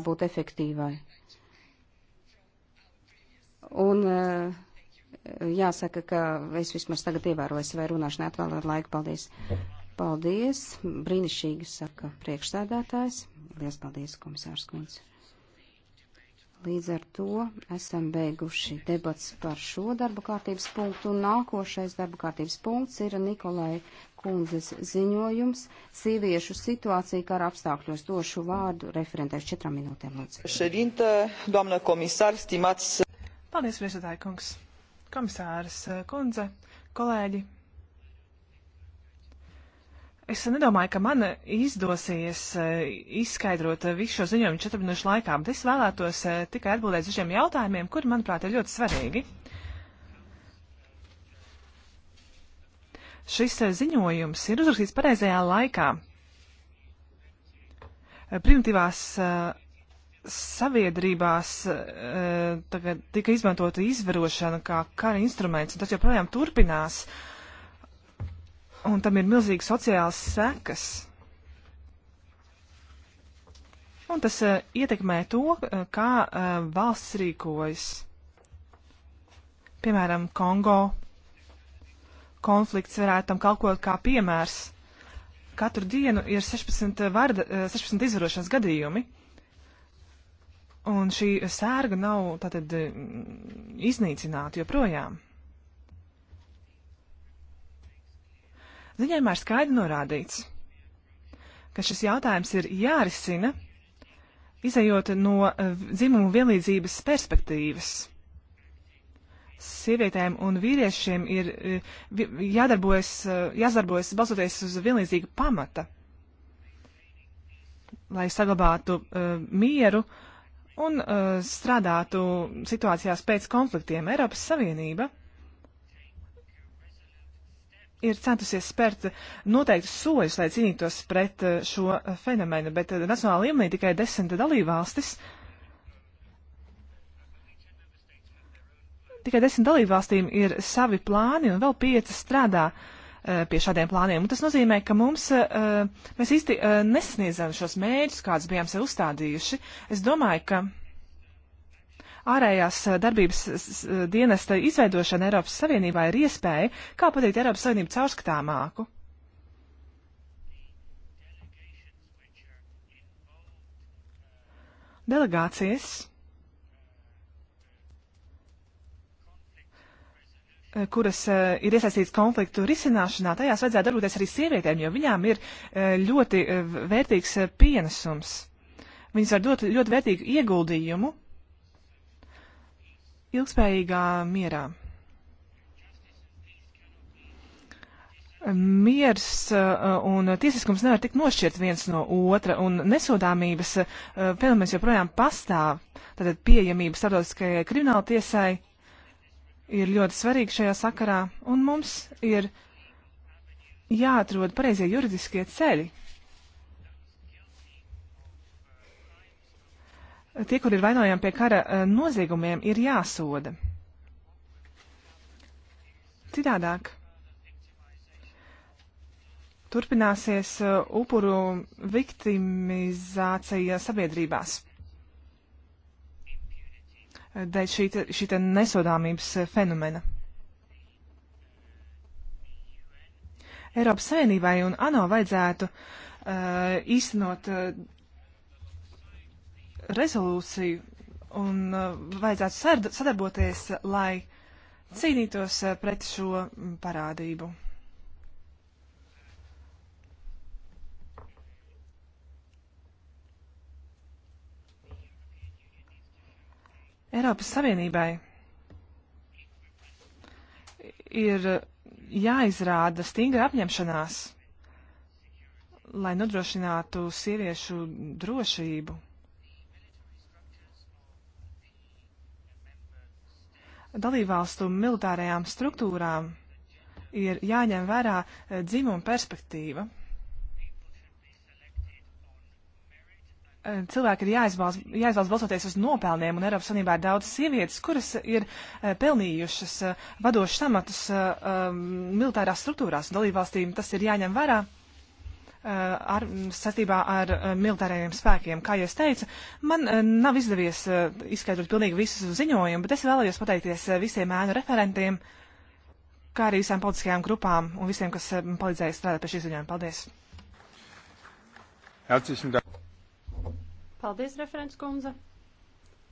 būt efektīvai. Un eh, jāsaka, ka es vismaz tagad ievēroju savai runāšanai atvēlēt laiku. Paldies! Paldies! Brīnišķīgi saka priekšsēdētājs. Lielas paldies, komisārs Kunds. Līdz ar to esam beiguši debats par šo darba kārtības punktu. Un nākošais darba kārtības punkts ir Nikolai kundzes ziņojums - sieviešu situācija kara apstākļos. Došu vārdu referentēs četrām minūtēm. Lūdzu. Paldies, viesētāji kungs, komisārs eh, kundze, kolēģi. Es nedomāju, ka man izdosies eh, izskaidrot eh, visu šo ziņojumu četru minūšu laikā, bet es vēlētos tikai atbildēt uz šiem jautājumiem, kuri, manuprāt, ir ļoti svarīgi. šis eh, ziņojums ir uzrakstīts pareizajā laikā. Eh, primitīvās eh, sabiedrībās tagad tika izmantota izvarošana kā kara instruments, un tas joprojām turpinās, un tam ir milzīgas sociālas sekas. Un tas ietekmē to, kā valsts rīkojas. Piemēram, Kongo konflikts varētu tam kalpot kā piemērs. Katru dienu ir 16, eh, varda, 16 eh, izvarošanas gadījumi. Un šī sērga nav tātad eh, iznīcināta joprojām. Ziņojumā ir skaidri norādīts, ka šis jautājums ir jārisina, izējot no dzimumu vienlīdzības perspektīvas sievietēm un vīriešiem ir eh, jādarbojas, eh, jādarbojas balstoties uz vienlīdzīga pamata, lai saglabātu uh, mieru un uh, strādātu situācijās pēc konfliktiem. Eiropas Savienība ir centusies spērt noteiktus soļus, lai cīnītos pret šo fenomenu, bet nacionāla līmenī tikai desmit dalībvalstis valstis Tikai desmit dalībvalstīm ir savi plāni un vēl piecas strādā uh, pie šādiem plāniem. Un tas nozīmē, ka mums, uh, mēs īsti uh, nesasniedzam šos mērķus, kādus bijām sev uzstādījuši. Es domāju, ka ārējās darbības dienesta izveidošana Eiropas Savienībā ir iespēja, kā padarīt Eiropas Savienību caurskatāmāku. Delegācijas Eh, kuras uh, ir iesaistītas konfliktu risināšanā, tajās vajadzētu darboties arī sievietēm, jo viņām ir uh, ļoti uh, vērtīgs uh, pienesums. Viņas var dot ļoti vērtīgu ieguldījumu ilgspējīgā mierā. Miers uh, un tiesiskums nevar tikt nošķirt viens no otra, un nesodāmības uh, fenomens joprojām pastāv. Tātad pieejamība starptautiskajai krimināla tiesai ir ļoti svarīga šajā sakarā, un mums ir jāatrod pareizie juridiskie ceļi. Tie, kur ir vainojami pie kara eh, noziegumiem, ir jāsoda. Citādāk turpināsies eh, upuru viktimizācija sabiedrībās dēļ šī, šī nesodāmības eh, fenomena. Eiropas Savienībai un ANO vajadzētu uh, īstenot uh, rezolūciju un uh, vajadzētu sadarboties, lai cīnītos uh, pret šo mm, parādību. Eiropas Savienībai ir jāizrāda stingra apņemšanās, lai nodrošinātu sieviešu drošību. Dalībvalstu militārajām struktūrām ir jāņem vērā eh, dzimuma perspektīva. cilvēki ir jāizbalsta, jāizbalsta balsoties uz nopelniem, un Eiropas Savienībā ir daudz sievietes, kuras ir uh, pelnījušas uh, eh, vadošas amatus uh, militārās struktūrās. Dalībvalstīm tas ir jāņem vērā ar, saistībā ar militārajiem spēkiem. Kā jau es teicu, man nav izdevies izskaidrot pilnīgi visus ziņojumus, bet es vēlējos pateikties visiem ēnu referentiem, kā arī visām politiskajām grupām un visiem, kas palīdzēja strādāt pie šī ziņojuma. Paldies! Herzlichen Dank. Paldies, referents kundze.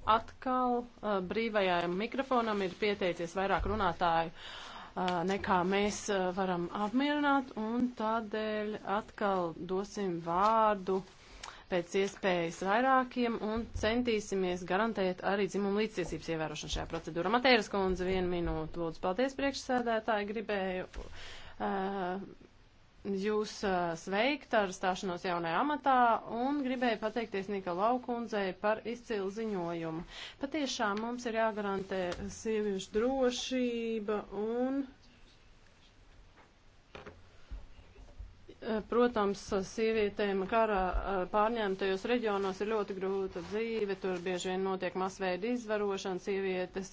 Atkal uh, brīvajam mikrofonam ir pieteicies vairāk runātāju uh, nekā mēs uh, varam apmierināt, un tādēļ atkal dosim vārdu pēc iespējas vairākiem un centīsimies garantēt arī dzimumu līdztiesības ievērošanu šajā procedūrā. Matēras kundze, vienu minūtu, lūdzu, paldies priekšsēdētāji, gribēju. Uh, jūs uh, sveikt ar stāšanos jaunajā amatā un gribēju pateikties Nika Laukundzei par izcilu ziņojumu. Patiešām mums ir jāgarantē sieviešu drošība un. Eh, protams, sievietēm karā eh, pārņemtajos reģionos ir ļoti grūta dzīve, tur bieži vien notiek masveida izvarošana, sievietes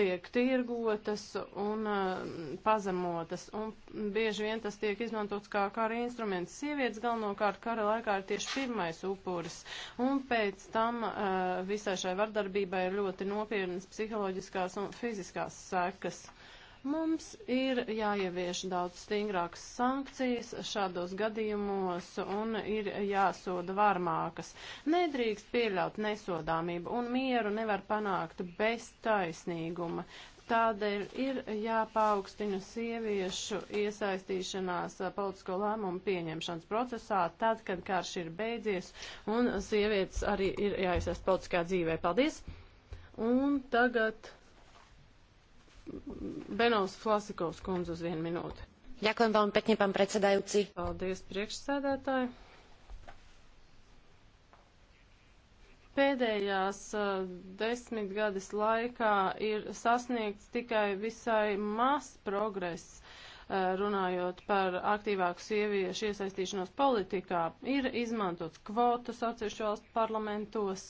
tiek tirgotas un eh, pazemotas, un bieži vien tas tiek izmantots kā kara instruments. Sievietes galvenokārt kara laikā ir tieši pirmais upuris, un pēc tam visai šai vardarbībai ir ļoti nopietnas psiholoģiskās un fiziskās sekas. Mums ir jāievieš daudz stingrākas sankcijas šādos gadījumos un ir jāsoda varmākas. Nedrīkst pieļaut nesodāmību un mieru nevar panākt bez taisnīguma. Tādēļ ir jāpaukstina sieviešu iesaistīšanās politisko lēmumu pieņemšanas procesā, tad, kad karš ir beidzies, un sievietes arī ir jāiesaist politiskā dzīvē. Paldies! Un tagad Benovs Flasikovs kundze uz vienu minūti. Ďakujem veľmi pekne, pán predsedajúci. Paldies, priekšsēdētāji. Pēdējās uh, desmitgades laikā ir sasniegts tikai visai maz progress runājot par aktīvāku sieviešu iesaistīšanos politikā, ir izmantots kvotas atsevišķu valstu parlamentos,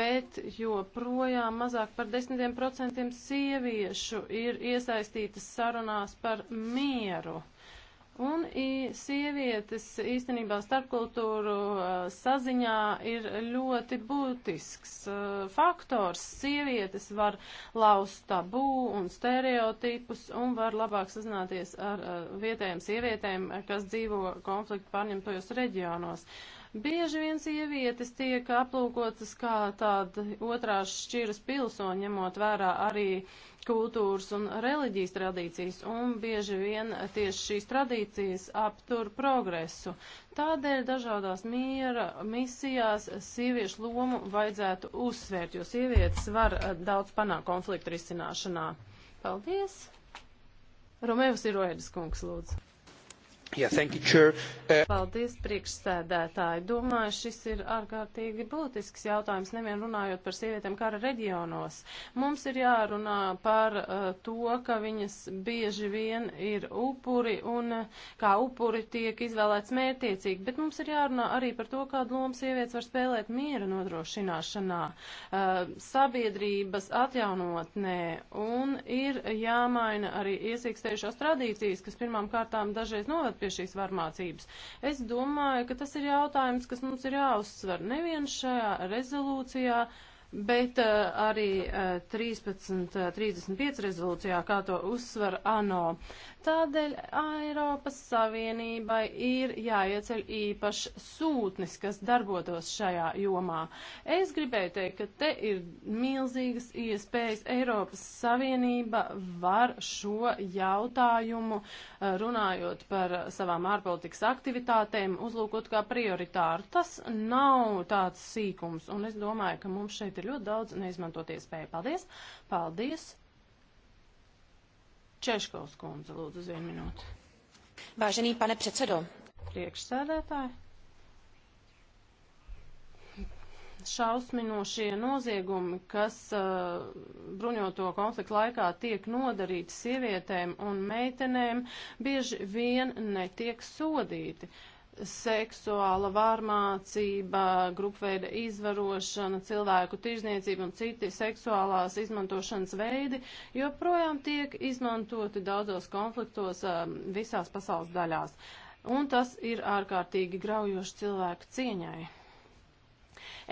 bet joprojām mazāk par 10% sieviešu ir iesaistītas sarunās par mieru. Un sievietes īstenībā starpkultūru saziņā ir ļoti būtisks faktors. Sievietes var laust tabū un stereotipus un var labāk sazināties ar vietējiem sievietēm, kas dzīvo konfliktu pārņemtojos reģionos. Uh, Bieži vien sievietes tiek aplūkotas kā tāda otrās šķiras pilsoņa, ņemot vērā arī kultūras un reliģijas tradīcijas, un bieži vien tieši šīs tradīcijas aptur progresu. Tādēļ dažādās miera misijās sieviešu lomu vajadzētu uzsvērt, jo sievietes var eh, daudz panākt konfliktu risināšanā. Paldies! Romēvas ir Oēdas kungs, lūdzu. Yeah, you, uh... Paldies, priekšsēdētāji. Domāju, šis ir ārkārtīgi būtisks jautājums, nevien runājot par sievietēm kara reģionos. Mums ir jārunā par uh, to, ka viņas bieži vien ir upuri un uh, kā upuri tiek izvēlēts mērtiecīgi, bet mums ir jārunā arī par to, kādu lomu sievietes var spēlēt miera nodrošināšanā, uh, sabiedrības atjaunotnē un ir jāmaina arī iesīkstējušās tradīcijas, kas pirmām kārtām dažreiz novada strādāt pie šīs varmācības. Es domāju, ka tas ir jautājums, kas mums ir jāuzsver nevien šajā rezolūcijā, uh, bet uh, arī uh, eh, 13.35 eh, rezolūcijā, kā to uzsver ANO. Tādēļ Eiropas Savienībai ir jāieceļ īpašs sūtnis, kas darbotos šajā jomā. Es gribēju teikt, ka te ir milzīgas iespējas. Eiropas Savienība var šo jautājumu, uh, runājot par savām ārpolitikas aktivitātēm, uzlūkot kā prioritāru. Tas nav tāds sīkums, un es domāju, ka mums šeit šeit ir ļoti daudz neizmantot iespēju. Paldies! Paldies! Češkovs kundze, lūdzu, uz vienu minūti. Vážený pane předsedo. Priekšsēdētāji. šausminošie noziegumi, kas uh, bruņoto konfliktu laikā tiek nodarīti sievietēm un meitenēm, bieži vien netiek sodīti. Uh, seksuāla vārmācība, grupveida izvarošana, cilvēku tirzniecība un citi seksuālās izmantošanas veidi joprojām tiek izmantoti daudzos konfliktos um, visās pasaules daļās. Un tas ir ārkārtīgi graujoši cilvēku cieņai.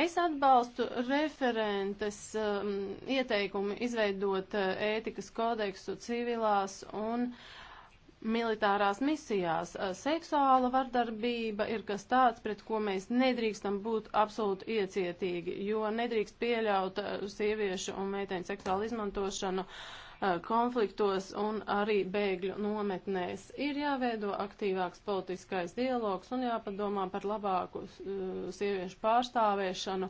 Es atbalstu referentes um, ieteikumu izveidot uh, ētikas kodeksu civilās un uh, militārās misijās. Seksuāla vardarbība ir kas tāds, pret ko mēs nedrīkstam būt absolūti iecietīgi, jo nedrīkst pieļaut sieviešu un meiteņu seksuālu izmantošanu konfliktos un arī bēgļu nometnēs. Ir jāveido aktīvāks politiskais dialogs un jāpadomā par labāku sieviešu pārstāvēšanu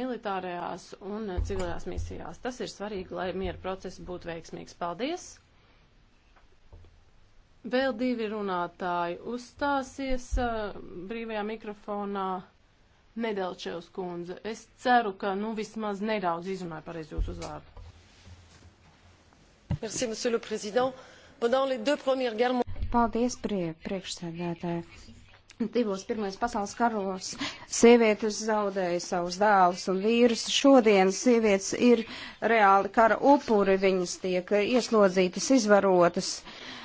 militārajās un civilajās misijās. Tas ir svarīgi, lai miera process būtu veiksmīgs. Paldies! Vēl divi runātāji uzstāsies uh, brīvajā mikrofonā. Nedelčevs kundze, es ceru, ka nu vismaz nedaudz izrunāju pareizi jūsu uzvārdu. Merci, monsieur le président. Pendant les deux premières guerres mondiales. Paldies, prie, priekšsēdētāji. Divos pirmais pasaules karos sievietes zaudēja savus dēlus un vīrus. Šodien sievietes ir reāli kara upuri, viņas tiek ieslodzītas, izvarotas. Uh,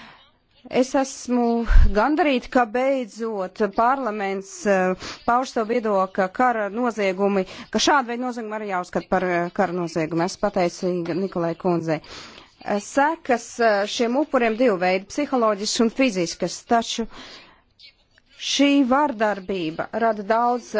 Es esmu gandarīta, ka beidzot parlaments eh, pauž savu viedokli, ka kara noziegumi, ka šāda veida noziegumi arī jāuzskata par eh, kara noziegumu. Es pateicīgu Nikolai Kundzei. Eh, sekas šiem upuriem divu veidu - psiholoģiskas un fiziskas, taču šī vardarbība rada daudz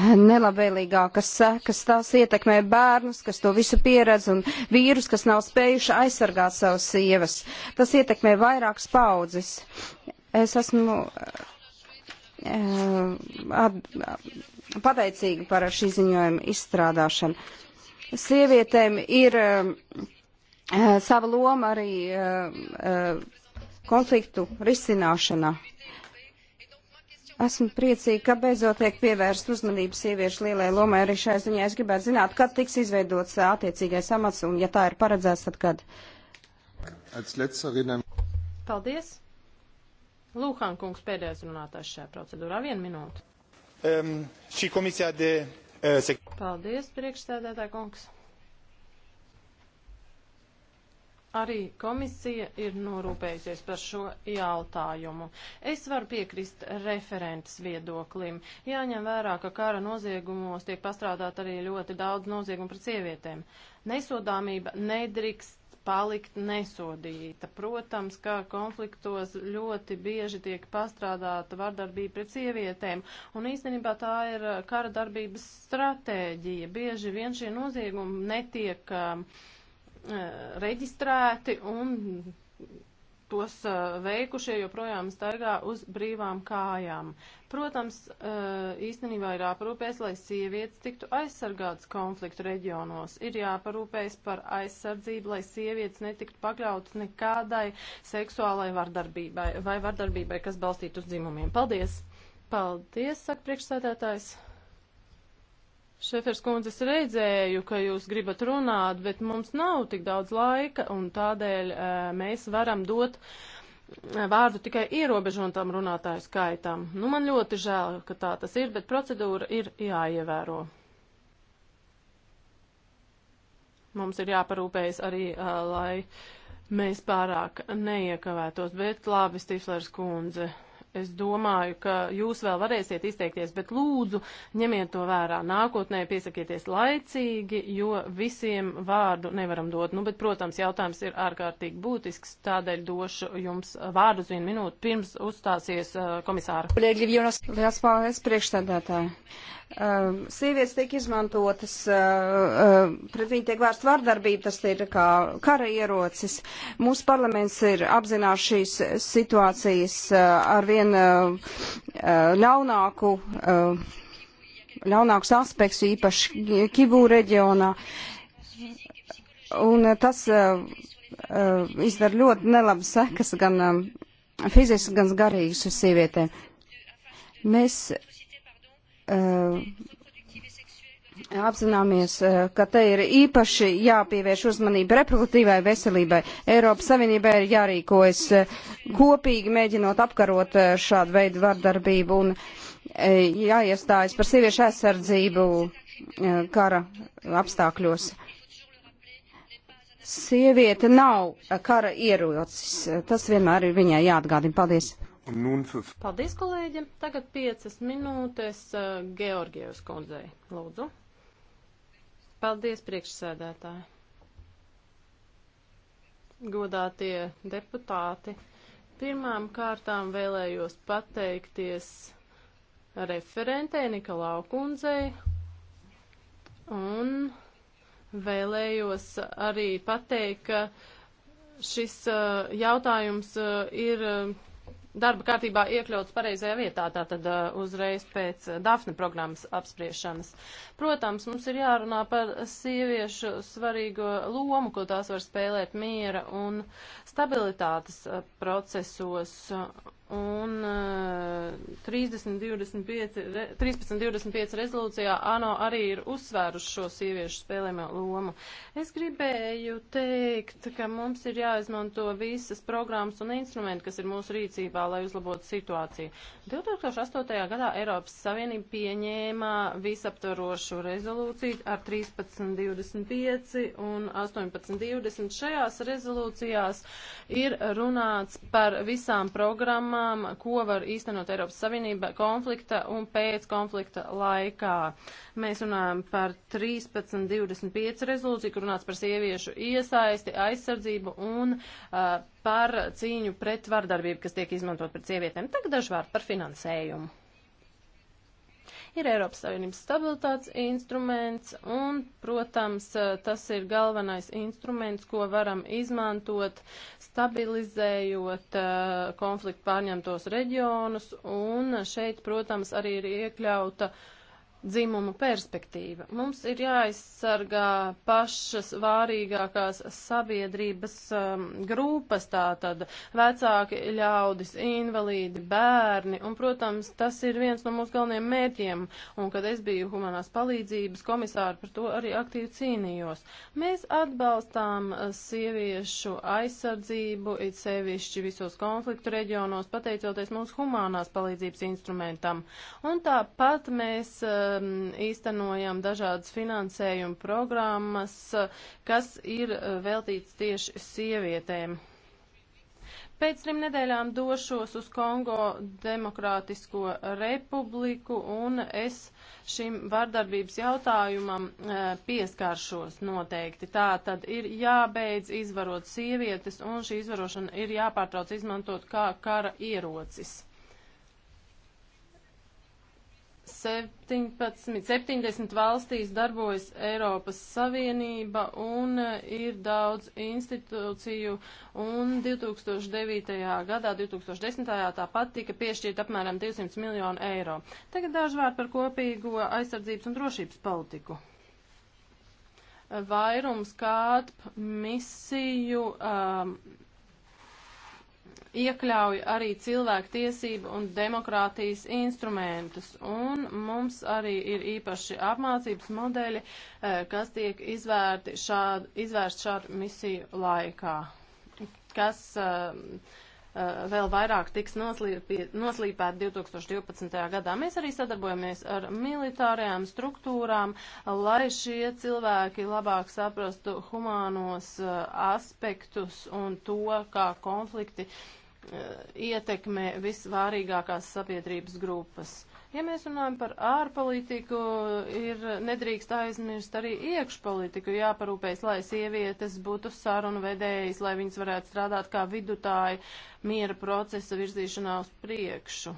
nelabvēlīgākas sekas, tās ietekmē bērnus, kas to visu pieredz, un vīrus, kas nav spējuši aizsargāt savas sievas. Tas ietekmē vairākas paudzes. Es esmu eh, at, pateicīga par šī ziņojuma izstrādāšanu. Sievietēm ir eh, eh, sava loma arī konfliktu risināšanā. Esmu priecīga, ka beidzot tiek pievērst uzmanību sieviešu lielai lomai arī šai ziņā. Es gribētu zināt, kad tiks izveidots attiecīgais amats un, ja tā ir paredzēts, tad kad. Paldies. Lūhan kungs pēdējais runātājs šajā procedūrā. Vienu minūtu. Um, de, uh, e, sek... Paldies, priekšstādētāj kungs. Arī komisija ir norūpējusies par šo jautājumu. Es varu piekrist referents viedoklim. Jāņem vērā, ka kara noziegumos tiek pastrādāt arī ļoti daudz noziegumu pret sievietēm. Nesodāmība nedrīkst palikt nesodīta. Protams, ka konfliktos ļoti bieži tiek pastrādāta vardarbība pret sievietēm, un īstenībā tā ir kara darbības stratēģija. Bieži vien šie noziegumi netiek uh, Eh, reģistrēti un tos eh, veikušie joprojām staigā uz brīvām kājām. Protams, eh, īstenībā ir jāparūpēs, lai sievietes tiktu aizsargātas konfliktu reģionos. Ir jāparūpēs par aizsardzību, lai sievietes netiktu pakļautas nekādai seksuālai vardarbībai vai vardarbībai, kas balstītu uz dzimumiem. Paldies! Paldies, saka priekšsēdētājs. Šefers kundze, es redzēju, ka jūs gribat runāt, bet mums nav tik daudz laika, un tādēļ uh, mēs varam dot eh, vārdu tikai ierobežotām runātāju skaitām. Nu, man ļoti žēl, ka tā tas ir, bet procedūra ir jāievēro. Mums ir jāparūpējas arī, uh, lai mēs pārāk neiekavētos, bet labi, Stiflers kundze. Uh, Es domāju, ka jūs vēl varēsiet izteikties, bet lūdzu ņemiet to vērā. Nākotnē piesakieties laicīgi, jo visiem vārdu nevaram dot. Nu, bet, protams, jautājums ir ārkārtīgi būtisks, tādēļ došu jums vārdu uz vienu minūtu pirms uzstāsies uh, komisāra. Liels paldies priekšstādātāji. Uh, um, sievietes tiek izmantotas, uh, uh, pret viņu tiek vērsta vardarbība, tas ir kā kara ierocis. Mūsu parlaments ir apzināts šīs situācijas uh, ar vienu arvien eh, eh, ļaunāku, eh, ļaunākus aspektus, īpaši Kibū reģionā. Un tas izdara ļoti nelabas sekas gan fiziski, gan garīgas uz sievietēm. Mēs Apzināmies, eh, ka te ir īpaši jāpievērš uzmanība reproduktīvai veselībai. Eiropas Savienībai ir jārīkojas eh, kopīgi, mēģinot apkarot eh, šādu veidu vardarbību un jāiestājas par sieviešu aizsardzību kara apstākļos. Sieviete nav kara ierocis. Tas vienmēr ir viņai jāatgādina. Paldies! Paldies, kolēģi! Tagad piecas minūtes Georgijos kundzei. Lūdzu! Paldies, priekšsēdētāji. Godātie deputāti, pirmām kārtām vēlējos pateikties referentei Nikolau kundzei un vēlējos arī pateikt, ka šis uh, jautājums uh, ir um, darba kārtībā iekļauts pareizajā vietā, tātad uh, uzreiz pēc Dafne programmas apspriešanas. Protams, mums ir jārunā par sieviešu svarīgo lomu, ko tās var spēlēt miera un stabilitātes uh, procesos un 13.25 eh, rezolūcijā ANO arī ir uzsvēruši šo sieviešu spēlēmo lomu. Es gribēju teikt, ka mums ir jāizmanto visas programmas un instrumenti, kas ir mūsu rīcībā, lai uzlabotu situāciju. 2008. gadā Eiropas Savienība pieņēma visaptvarošu rezolūciju ar 13.25 un 18.20. Šajās rezolūcijās ir runāts par visām programmām, zinām, ko var īstenot Eiropas Savienība konflikta un pēc konflikta laikā. Mēs runājam par 1325 rezolūciju, kur runāts par sieviešu iesaisti, aizsardzību un uh, par cīņu pret vardarbību, kas tiek izmantot pret sievietēm. Tagad dažvārt par finansējumu ir Eiropas Savienības stabilitātes instruments, un, protams, eh, tas ir galvenais instruments, ko varam izmantot, stabilizējot eh, konfliktu pārņemtos reģionus, un šeit, protams, arī ir iekļauta uh, dzimumu perspektīva. Mums ir jāaizsargā pašas vārīgākās sabiedrības um, grupas, tātad vecāki ļaudis, invalīdi, bērni, un, protams, tas ir viens no mūsu galvenajiem mērķiem, un, kad es biju humanās palīdzības komisāri, par to arī aktīvi cīnījos. Mēs atbalstām uh, sieviešu aizsardzību, it sevišķi visos konfliktu reģionos, pateicoties mūsu humanās palīdzības instrumentam, un tāpat mēs uh, um, īstenojam dažādas finansējuma programmas, kas ir uh, veltīts tieši sievietēm. Pēc trim nedēļām došos uz Kongo Demokrātisko republiku un es šim vardarbības jautājumam uh, pieskaršos noteikti. Tā tad ir jābeidz izvarot sievietes un šī izvarošana ir jāpārtrauc izmantot kā kara ierocis. 17, 70 valstīs darbojas Eiropas Savienība un eh, ir daudz institūciju un 2009. gadā, 2010. tāpat tika piešķirt apmēram 200 miljonu eiro. Tagad daži vārdi par kopīgo aizsardzības un drošības politiku. Vairums kāp misiju. Um, iekļauj arī cilvēku tiesību un demokrātijas instrumentus. Un mums arī ir īpaši apmācības modeļi, eh, kas tiek izvērti šādu, izvērst šādu misiju laikā, kas uh, Eh, vēl vairāk tiks noslīpēti 2012. gadā. Mēs arī sadarbojamies ar militārajām struktūrām, lai šie cilvēki labāk saprastu humānos eh, aspektus un to, kā konflikti eh, ietekmē visvārīgākās sabiedrības grupas. Ja mēs runājam par ārpolitiku, ir nedrīkst aizmirst arī iekšpolitiku, jāparūpējas, lai sievietes būtu sarunu vedējas, lai viņas varētu strādāt kā vidutāji miera procesa virzīšanā uz priekšu.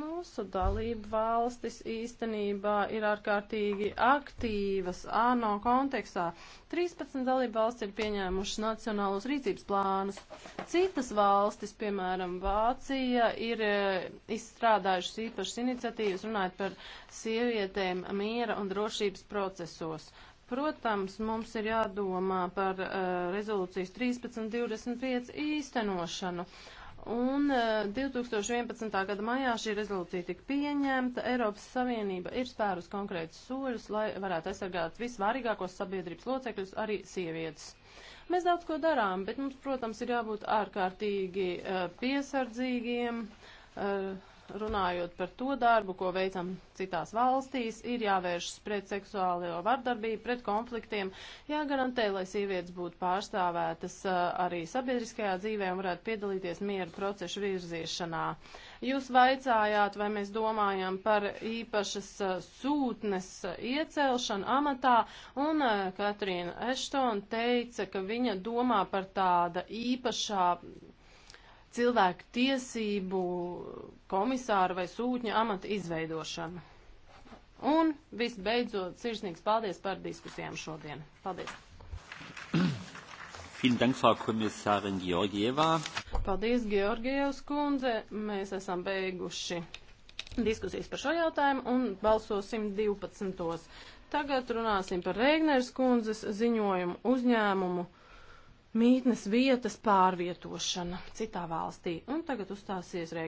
Mūsu dalība valstis īstenībā ir ārkārtīgi aktīvas ANO kontekstā. 13 dalība valsts ir pieņēmušas nacionālos rīcības plānus. Citas valstis, piemēram, Vācija, ir e, izstrādājušas īpašas iniciatīvas runājot par sievietēm miera un drošības procesos. Protams, mums ir jādomā par uh, rezolūcijas 1325 īstenošanu. Uh, Un 2011. E, gada maijā šī rezolūcija tika pieņemta. Eiropas Savienība ir spērus konkrētus soļus, lai varētu aizsargāt visvarīgākos sabiedrības locekļus, arī sievietes. Mēs daudz ko darām, bet mums, protams, ir jābūt ārkārtīgi uh, piesardzīgiem. Uh, runājot par to darbu, ko veicam citās valstīs, ir jāvēršas pret seksuālo vardarbību, pret konfliktiem, jāgarantē, lai sievietes būtu pārstāvētas eh, arī sabiedriskajā dzīvē un varētu piedalīties mieru procesu virziešanā. Jūs vaicājāt, vai mēs domājam par īpašas eh, sūtnes eh, iecelšanu amatā, un Katrīna Eštona teica, ka viņa domā par tāda īpašā cilvēku tiesību komisāra vai sūtņa amata izveidošanu. Un visbeidzot, sirsnīgs paldies par diskusijām šodien. Paldies! Paldies, Georgievs kundze. Mēs esam beiguši diskusijas par šo jautājumu un balsosim 12. Tagad runāsim par Rēgneres kundzes ziņojumu uzņēmumu mītnes vietas pārvietošana citā valstī. Un tagad uzstāsies Rē